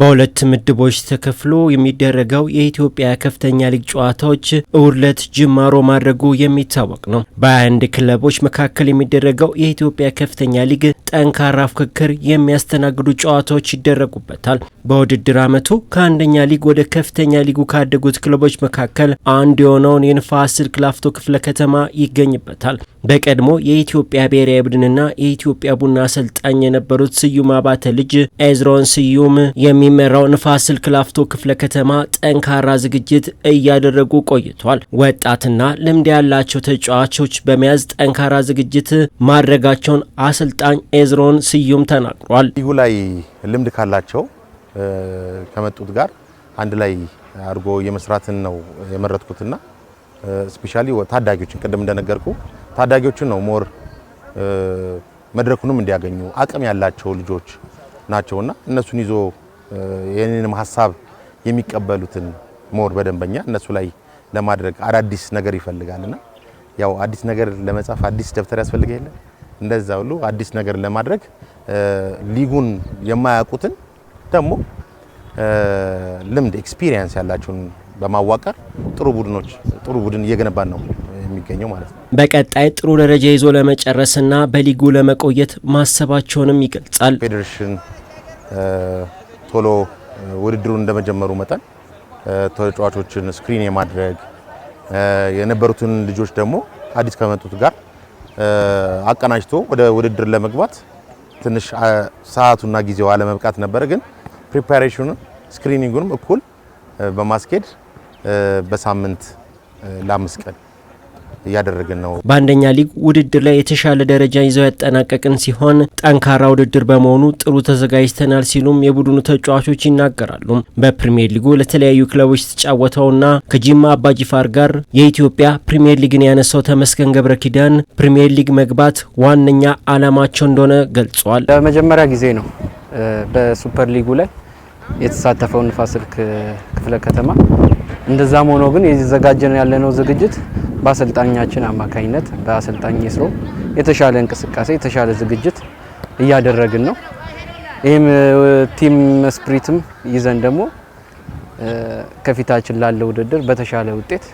በሁለት ምድቦች ተከፍሎ የሚደረገው የኢትዮጵያ ከፍተኛ ሊግ ጨዋታዎች እሁድ ዕለት ጅማሮ ማድረጉ የሚታወቅ ነው። በአንድ ክለቦች መካከል የሚደረገው የኢትዮጵያ ከፍተኛ ሊግ ጠንካራ ፉክክር የሚያስተናግዱ ጨዋታዎች ይደረጉበታል። በውድድር ዓመቱ ከአንደኛ ሊግ ወደ ከፍተኛ ሊጉ ካደጉት ክለቦች መካከል አንዱ የሆነውን የንፋስ ስልክ ላፍቶ ክፍለ ከተማ ይገኝበታል። በቀድሞ የኢትዮጵያ ብሔራዊ ቡድንና የኢትዮጵያ ቡና አሰልጣኝ የነበሩት ስዩም አባተ ልጅ ኤዝሮን ስዩም የሚመራው ንፋስ ስልክ ላፍቶ ክፍለ ከተማ ጠንካራ ዝግጅት እያደረጉ ቆይቷል። ወጣትና ልምድ ያላቸው ተጫዋቾች በመያዝ ጠንካራ ዝግጅት ማድረጋቸውን አሰልጣኝ ኤዝሮን ስዩም ተናግሯል። ይሁ ላይ ልምድ ካላቸው ከመጡት ጋር አንድ ላይ አድርጎ የመስራትን ነው የመረጥኩትና ስፔሻሊ ታዳጊዎችን ቅድም እንደነገርኩ ታዳጊዎችን ነው ሞር መድረኩንም እንዲያገኙ አቅም ያላቸው ልጆች ናቸውና እነሱን ይዞ የኔንም ሀሳብ የሚቀበሉትን ሞር በደንበኛ እነሱ ላይ ለማድረግ አዳዲስ ነገር ይፈልጋልና ያው አዲስ ነገር ለመጻፍ አዲስ ደብተር ያስፈልገ የለ እንደዛ ሁሉ አዲስ ነገር ለማድረግ ሊጉን የማያውቁትን ደግሞ ልምድ ኤክስፒሪየንስ ያላቸውን በማዋቀር ጥሩ ቡድኖች ጥሩ ቡድን እየገነባን ነው። የሚገኘው ማለት ነው። በቀጣይ ጥሩ ደረጃ ይዞ ለመጨረስና በሊጉ ለመቆየት ማሰባቸውንም ይገልጻል። ፌዴሬሽን ቶሎ ውድድሩን እንደመጀመሩ መጠን ተጫዋቾችን ስክሪን የማድረግ የነበሩትን ልጆች ደግሞ አዲስ ከመጡት ጋር አቀናጅቶ ወደ ውድድር ለመግባት ትንሽ ሰዓቱና ጊዜው አለመብቃት ነበረ። ግን ፕሪፓሬሽኑን ስክሪኒንጉንም እኩል በማስኬድ በሳምንት ለአምስት ቀን እያደረግን ነው። በአንደኛ ሊግ ውድድር ላይ የተሻለ ደረጃ ይዘው ያጠናቀቅን ሲሆን ጠንካራ ውድድር በመሆኑ ጥሩ ተዘጋጅተናል ሲሉም የቡድኑ ተጫዋቾች ይናገራሉ። በፕሪምየር ሊጉ ለተለያዩ ክለቦች የተጫወተውና ከጂማ አባጂፋር ጋር የኢትዮጵያ ፕሪምየር ሊግን ያነሳው ተመስገን ገብረ ኪዳን ፕሪምየር ሊግ መግባት ዋነኛ አላማቸው እንደሆነ ገልጿል። ለመጀመሪያ ጊዜ ነው በሱፐር ሊጉ ላይ የተሳተፈው ንፋስ ስልክ ክፍለ ከተማ። እንደዛም ሆኖ ግን የዘጋጀን ያለነው ዝግጅት በአሰልጣኛችን አማካኝነት በአሰልጣኝ ስሮ የተሻለ እንቅስቃሴ የተሻለ ዝግጅት እያደረግን ነው። ይህም ቲም ስፕሪትም ይዘን ደግሞ ከፊታችን ላለ ውድድር በተሻለ ውጤት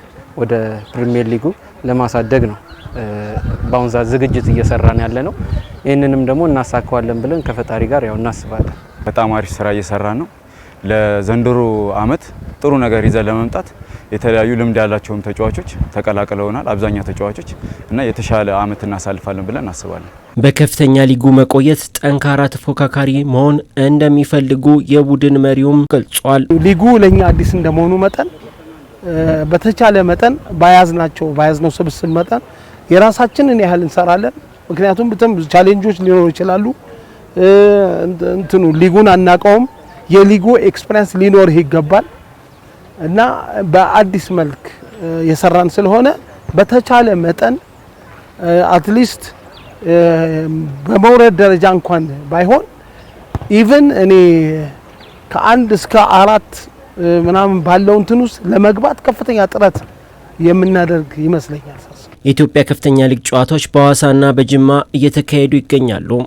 ወደ ፕሪሚየር ሊጉ ለማሳደግ ነው በአሁን ዛት ዝግጅት እየሰራን ያለ ነው። ይህንንም ደግሞ እናሳካዋለን ብለን ከፈጣሪ ጋር ያው እናስባለን። በጣም አሪፍ ስራ እየሰራን ነው። ለዘንድሮ አመት ጥሩ ነገር ይዘን ለመምጣት የተለያዩ ልምድ ያላቸውም ተጫዋቾች ተቀላቅለውናል። አብዛኛው ተጫዋቾች እና የተሻለ አመት እናሳልፋለን ብለን እናስባለን። በከፍተኛ ሊጉ መቆየት ጠንካራ ተፎካካሪ መሆን እንደሚፈልጉ የቡድን መሪውም ገልጿል። ሊጉ ለእኛ አዲስ እንደመሆኑ መጠን በተቻለ መጠን ባያዝ ናቸው ባያዝ ነው ስብስብ መጠን የራሳችንን ያህል እንሰራለን። ምክንያቱም ብትም ቻሌንጆች ሊኖሩ ይችላሉ። እንትኑ ሊጉን አናቀውም። የሊጉ ኤክስፐሪንስ ሊኖርህ ይገባል። እና በአዲስ መልክ የሰራን ስለሆነ በተቻለ መጠን አትሊስት በመውረድ ደረጃ እንኳን ባይሆን ኢቭን እኔ ከአንድ እስከ አራት ምናምን ባለው እንትን ውስጥ ለመግባት ከፍተኛ ጥረት የምናደርግ ይመስለኛል። የኢትዮጵያ ከፍተኛ ሊግ ጨዋታዎች በሐዋሳና በጅማ እየተካሄዱ ይገኛሉ።